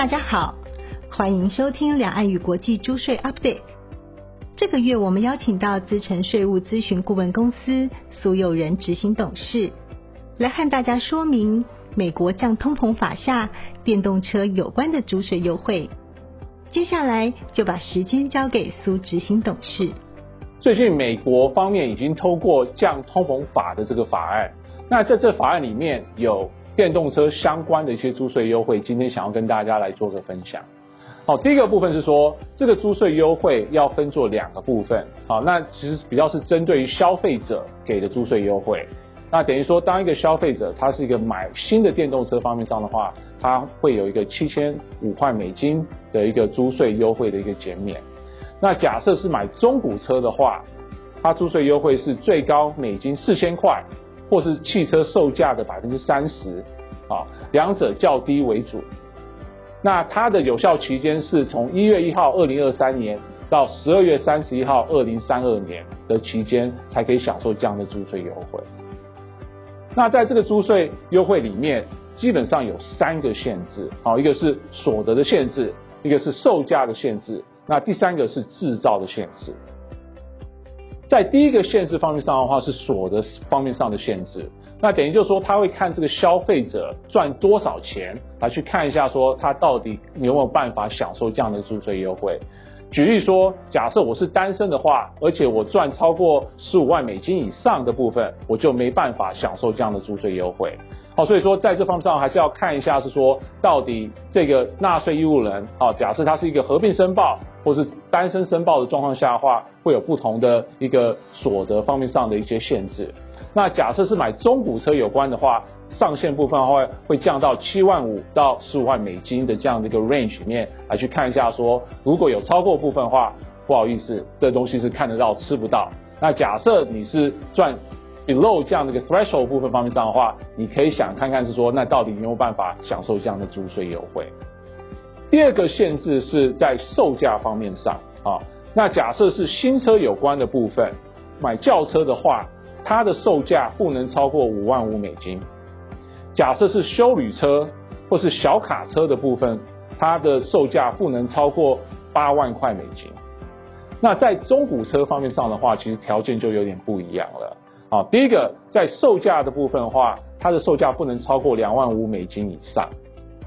大家好，歡迎收聽兩岸與國際租稅 Update。這個月我們邀請到資誠稅務諮詢顧問公司蘇友仁執行董事，來和大家說明美國降通膨法下電動車有關的租稅優惠。接下來就把時間交給蘇執行董事。最近美國方面已經透過降通膨法的這個法案，那在這法案裡面有，電動車相關的一些租稅優惠，今天想要跟大家來做個分享。好、哦，第一個部分是說，這個租稅優惠要分作兩個部分。好、哦，那其實比較是針對於消費者給的租稅優惠。那等於說，當一個消費者他是一個買新的電動車方面上的話，他會有一個七千五塊美金的一個租稅優惠的一個減免。那假設是買中古車的話，它租稅優惠是最高美金四千塊。或是汽車售價的百分之三十，啊，兩者較低為主。那它的有效期間是從一月一號二零二三年到十二月三十一號二零三二年的期間才可以享受這樣的租稅優惠。那在這個租稅優惠裡面，基本上有三個限制，啊，一個是所得的限制，一個是售價的限制，那第三個是製造的限制。在第一個限制方面上的話，是所得方面上的限制。那等於就是說，他會看這個消費者賺多少錢，來去看一下說他到底有沒有辦法享受這樣的租稅優惠。舉例說，假設我是單身的話，而且我賺超過十五萬美金以上的部分，我就沒辦法享受這樣的租稅優惠。好，所以說在這方面上，還是要看一下是說到底這個納稅義務人，好，假設他是一個合併申報。或是單身申報的狀況下的話，會有不同的一個所得方面上的一些限制。那假設是買中古車有關的話，上限部分的話會降到七萬五到十五萬美金的這樣的一個 range 裡面來去看一下說，說如果有超過部分的話，不好意思，這東西是看得到吃不到。那假設你是賺 below 這樣的一個 threshold 部分方面上的話，你可以想看看是說，那到底有沒有辦法享受這樣的租稅優惠？第二個限制是在售價方面上啊，那假設是新車有關的部分，買轎車的話，它的售價不能超過五萬五美金。假設是休旅車或是小卡車的部分，它的售價不能超過八萬塊美金。那在中古車方面上的話，其實條件就有點不一樣了啊。第一個在售價的部分的話，它的售價不能超過兩萬五美金以上。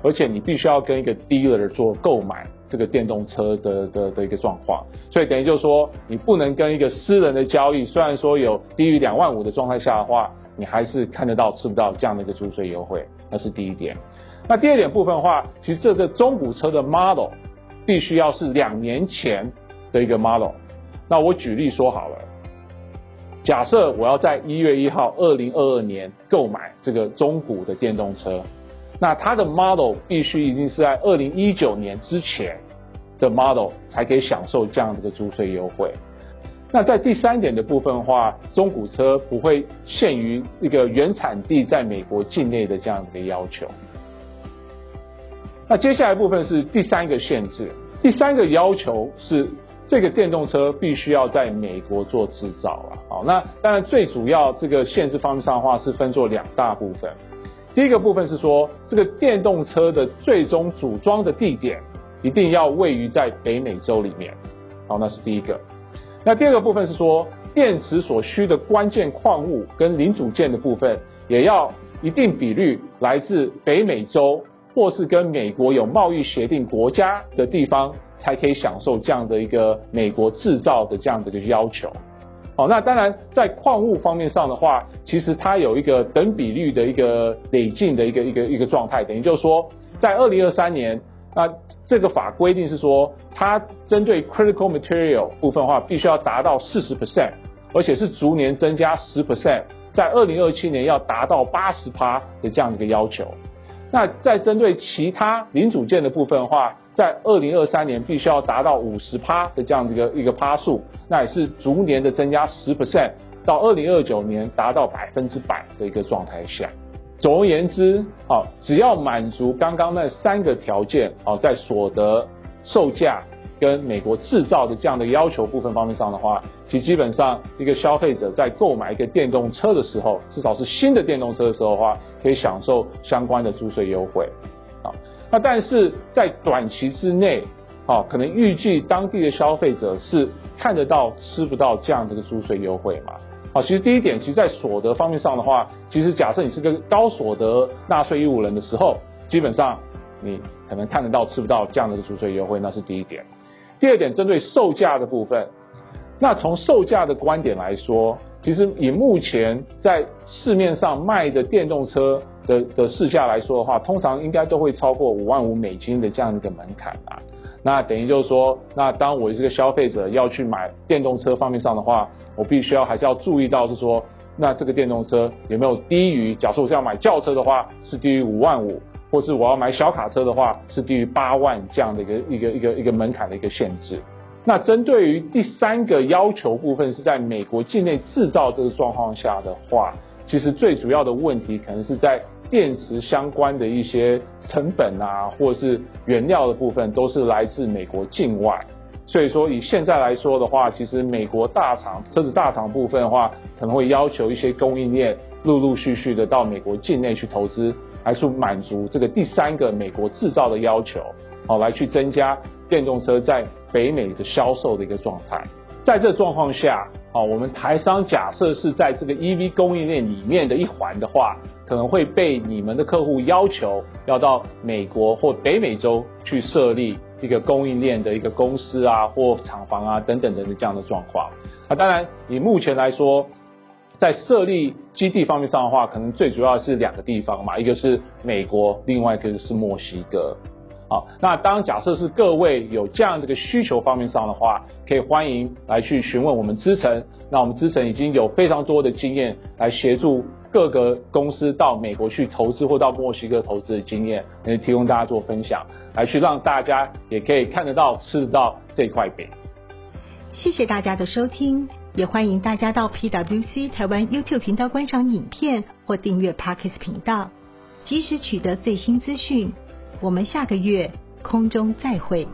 而且你必須要跟一個 dealer 做購買這個電動車的的的一個狀況，所以等於就是說你不能跟一個私人的交易。雖然說有低於兩萬五的狀態下的話，你還是看得到、吃不到這樣的一個租稅優惠，那是第一點。那第二點部分的話，其實這個中古車的 model 必須要是兩年前的一個 model。那我舉例說好了，假設我要在一月一號二零二二年購買這個中古的電動車。那它的 model 必須一定是在二零一九年之前的 model 才可以享受這樣的一個租稅優惠。那在第三點的部分的話，中古車不會限於一個原產地在美國境內的這樣的一個要求。那接下來的部分是第三個限制，第三個要求是這個電動車必須要在美國做制造啊。好，那當然最主要這個限制方面上的話是分作兩大部分。第一個部分是說，這個電動車的最終組裝的地點一定要位於在北美洲裡面，好，那是第一個。那第二個部分是說，電池所需的關鍵礦物跟零組件的部分，也要一定比率來自北美洲或是跟美國有貿易協定國家的地方，才可以享受這樣的一個美國制造的這樣的一個要求。哦，那當然，在礦物方面上的話，其實它有一個等比率的一個累進的一個一個一個狀態，等於就是說，在二零二三年，那這個法規定是說，它針對 critical material 部分的話，必須要達到四十 percent，而且是逐年增加十 percent，在二零二七年要達到八十趴的這樣一個要求。那在針對其他零組件的部分的話，在二零二三年必須要達到五十趴的這樣的一個一個趴數，那也是逐年的增加十 percent，到二零二九年達到百分之百的一個狀態下。總而言之，只要滿足剛剛那三個條件，在所得、售價跟美國製造的這樣的要求部分方面上的話，其實基本上一個消費者在購買一個電動車的時候，至少是新的電動車的時候的話，可以享受相關的租稅優惠，啊。那但是在短期之內，啊，可能預計當地的消費者是看得到吃不到這樣的一個租稅優惠嘛，啊，其實第一點，其實在所得方面上的話，其實假設你是個高所得納稅義務人的時候，基本上你可能看得到吃不到這樣的一個租稅優惠，那是第一點。第二點，針對售價的部分，那從售價的觀點來說，其實以目前在市面上賣的電動車，的的市價來說的話，通常應該都會超過五萬五美金的這樣一個門檻啊。那等於就是說，那當我這個消費者要去買電動車方面上的話，我必須要還是要注意到是說，那這個電動車有沒有低於，假設我是要買轎車的話，是低於五萬五，或是我要買小卡車的話，是低於八萬這樣的一個一個一個一個門檻的一個限制。那針對於第三個要求部分是在美國境內製造這個狀況下的話，其實最主要的問題可能是在。電池相關的一些成本啊，或者是原料的部分，都是來自美國境外。所以說，以現在來說的話，其實美國大廠，車子大廠部分的話，可能會要求一些供應鏈陸陸續續的到美國境內去投資，來去滿足這個第三個美國製造的要求，好、哦、來去增加電動車在北美的銷售的一個狀態。在這狀況下，啊、哦、我們台商假設是在這個 EV 供應鏈裡面的一環的話，可能會被你們的客戶要求要到美國或北美洲去設立一個供應鏈的一個公司啊，或廠房啊等等等等這樣的狀況。那當然，以目前來說，在設立基地方面上的話，可能最主要是兩個地方嘛，一個是美國，另外一個是墨西哥。啊，那當假設是各位有這樣這個需求方面上的話，可以歡迎來去詢問我們資誠，那我們資誠已經有非常多的經驗來協助，各個公司到美國去投資或到墨西哥投資的經驗，來提供大家做分享，來去讓大家也可以看得到、吃得到這塊餅。謝謝大家的收聽，也歡迎大家到 PWC 台灣 YouTube 頻道觀賞影片或訂閱 Podcast 頻道，及時取得最新資訊。我們下個月空中再會。